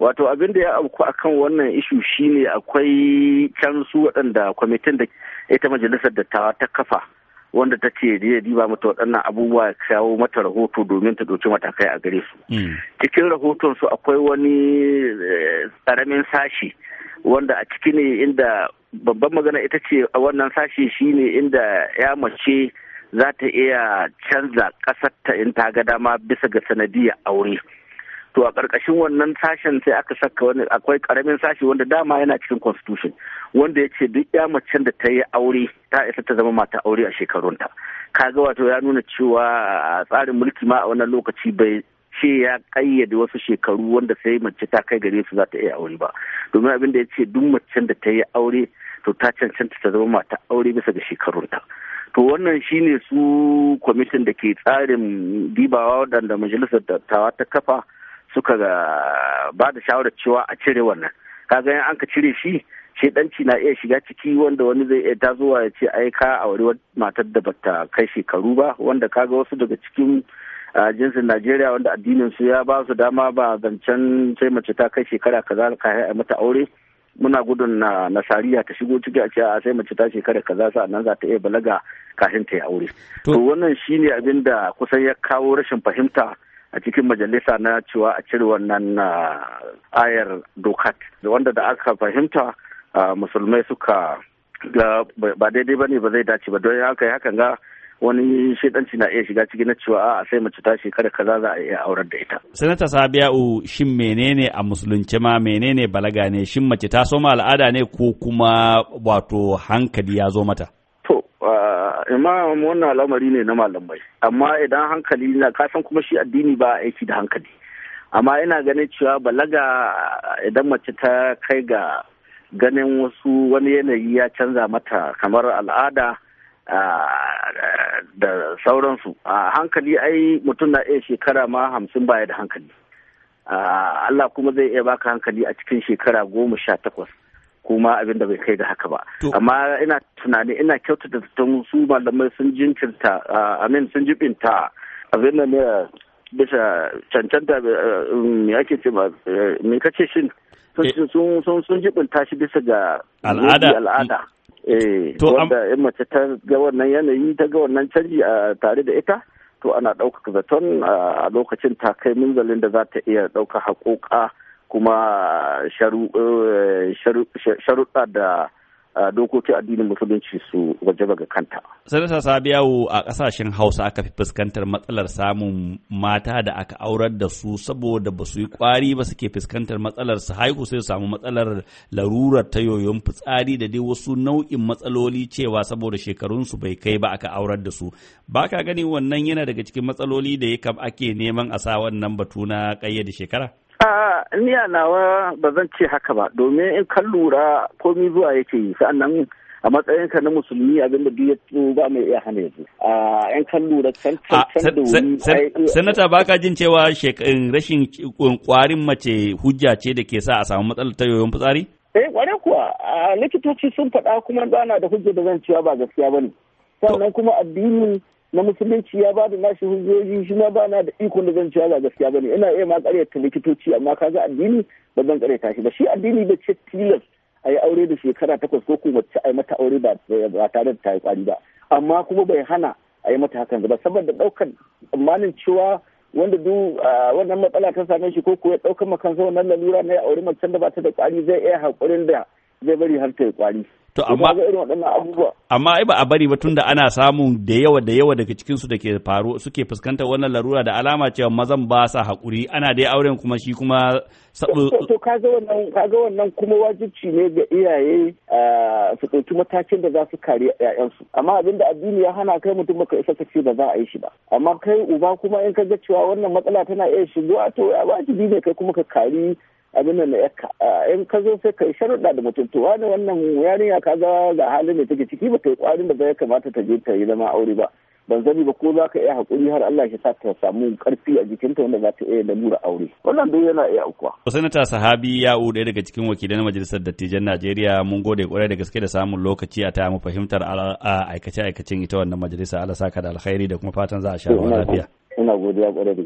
wato abin da ya auku a kan wannan ishu shine akwai cansu waɗanda kwamitin da ita majalisar da ta ta kafa wanda ta ce ya diba mata waɗannan abubuwa ya kawo mata rahoto domin ta ɗauki matakai a gare su hmm. cikin rahoton su akwai wani eh, ƙaramin sashi wanda a ciki ne inda babban magana ita ce a wannan sashi shine inda ya mace za ta iya canza ƙasar ta in ta ga dama bisa ga sanadiyar aure. to a ƙarƙashin wannan sashen sai aka saka wani akwai ƙaramin sashi wanda dama yana cikin constitution wanda ya ce duk ya macen da ta yi aure ta isa ta zama mata aure a shekarunta kaga wato ya nuna cewa tsarin mulki ma a wannan lokaci bai ce ya kayyade wasu shekaru wanda sai mace ta kai gare su za ta iya aure ba domin abin da ya ce duk macen da ta yi aure to ta cancanta ta zama mata aure bisa ga shekarunta to wannan shine su kwamitin da ke tsarin dibawa wadanda majalisar dattawa ta kafa suka ba da shawarar cewa a cire wannan kaga yan an ka cire shi shedanci na iya shiga ciki wanda wani zai iya tazowa ya ce ai ka a wani matar da bata kai shekaru ba wanda kaga wasu daga cikin jinsin Najeriya wanda addinin su ya ba su dama ba zancen sai mace ta kai shekara kaza ka a mata aure muna gudun na nasariya ta shigo ciki a ce a sai mace ta shekara kaza nan za ta iya balaga kafin ta yi aure to wannan shine abin da kusan ya kawo rashin fahimta a cikin majalisa na cewa a cire wannan ah, ayar dokat wanda da aka fahimta ah, musulmai suka ga ba daidai ba ne ba zai dace ba don haka yi hakan ga wani shiɗanci na iya shiga cikin na cewa a sai mace ta shekara kaza za a iya aurar da ita. Sanata sabi'u shin menene a musulunci ma menene balaga ne shin mace ta soma al'ada ne ko kuma wato hankali ya zo mata? imam wannan al'amari ne na malamai amma idan hankali na kasan kuma shi addini ba aiki da hankali amma ina ganin cewa balaga idan mace ta kai ga ganin wasu wani yanayi ya canza mata kamar al'ada da sauransu a hankali ai mutum na iya shekara ma hamsin baya da hankali Allah kuma zai iya baka hankali a cikin shekara goma sha takwas kuma abin da bai kai da haka ba amma ina tunani ina kyautata zaton su malamai sun jinkirta amin sun jibinta abin da ne bisa cancanta eh, um, me ake ce ba eh, kace shin eh. sun sun jibinta shi bisa ga al'ada al'ada eh wanda in mace ta ga wannan yanayi ta ga wannan canji a tare da ita to ana ɗaukaka zaton a lokacin ta kai minzalin da za ta iya ɗaukar haƙoƙa kuma eh, sharuɗa da eh, dokokin addinin musulunci su waje ga kanta. Sanata Sabiyawo a ƙasashen Hausa aka fi fuskantar matsalar samun mata da aka aurar da su saboda ba su yi ƙwari ba suke fuskantar matsalar su haihu sai su samu matsalar larurar ta yoyon fitsari da dai wasu nau'in matsaloli cewa saboda shekarunsu bai kai ba aka aurar da su. baka ka gani wannan yana daga cikin matsaloli da ya ake neman a sa wannan batu na ƙayyade shekara? niya nawa ba zan ce haka ba domin in kan lura komi zuwa yake yi sa'annan a matsayinka na musulmi abin da duk ya ba mai iya hana yanzu a yan kan lura can can da wuri sanata baka jin cewa eh, rashin eh, kwarin mace hujja ce da ke sa a samu matsalar ta yoyon fitsari eh kware kuwa likitoci sun faɗa kuma ba na da hujja da zan cewa ba gaskiya bane sannan kuma addini na musulunci ya ba da nashi hujjoji shi ma ba na da ikon da zan cewa ba gaskiya bane ina iya ma karyata likitoci amma ka ga addini ba zan karyata shi ba shi addini da ce tilas a yi aure da shekara takwas ko kuma ci a yi mata aure ba tare da ta yi kwari ba amma kuma bai hana a yi mata hakan ba saboda ɗaukar tsammanin cewa wanda duk wannan matsala ta same shi ko kuwa ya ɗaukar makansa wannan lalura na ya aure mace da ba ta da kwari zai iya haƙurin da zai bari har ta yi kwari To amma amma ba a bari ba tunda ana samun da yawa da yawa daga cikin su da ke faru suke fuskantar wannan larura da alama cewa mazan ba sa hakuri ana dai auren kuma shi kuma sabu to kaga wannan kaga wannan kuma wajibi ne ga iyaye eh, su ɗauki matakin da za su kare su amma abin da addini ya hana kai mutum baka isa kace ba za a yi shi ba amma kai uba kuma in ka ga cewa wannan matsala tana iya shigo to ya wajibi ne kai kuma ka kari abin da na in ka zo sai ka yi sharuɗa da mutum to wani wannan yarinya ka ga ga halin da take ciki ba ta yi ƙwarin da ya kamata ta je ta yi zama aure ba ban sani ba ko za ka iya haƙuri har Allah ya sa ta samu ƙarfi a jikinta wanda za ta iya lalura aure wannan duk yana iya aukuwa. sanata sahabi ya u ɗaya daga cikin wakilan majalisar dattijan najeriya mun gode ƙwarai da gaske da samun lokaci a ta mu fahimtar aikace aikacin ita wannan majalisa ala saka da alkhairi da kuma fatan za a sha lafiya. ina godiya ƙwarai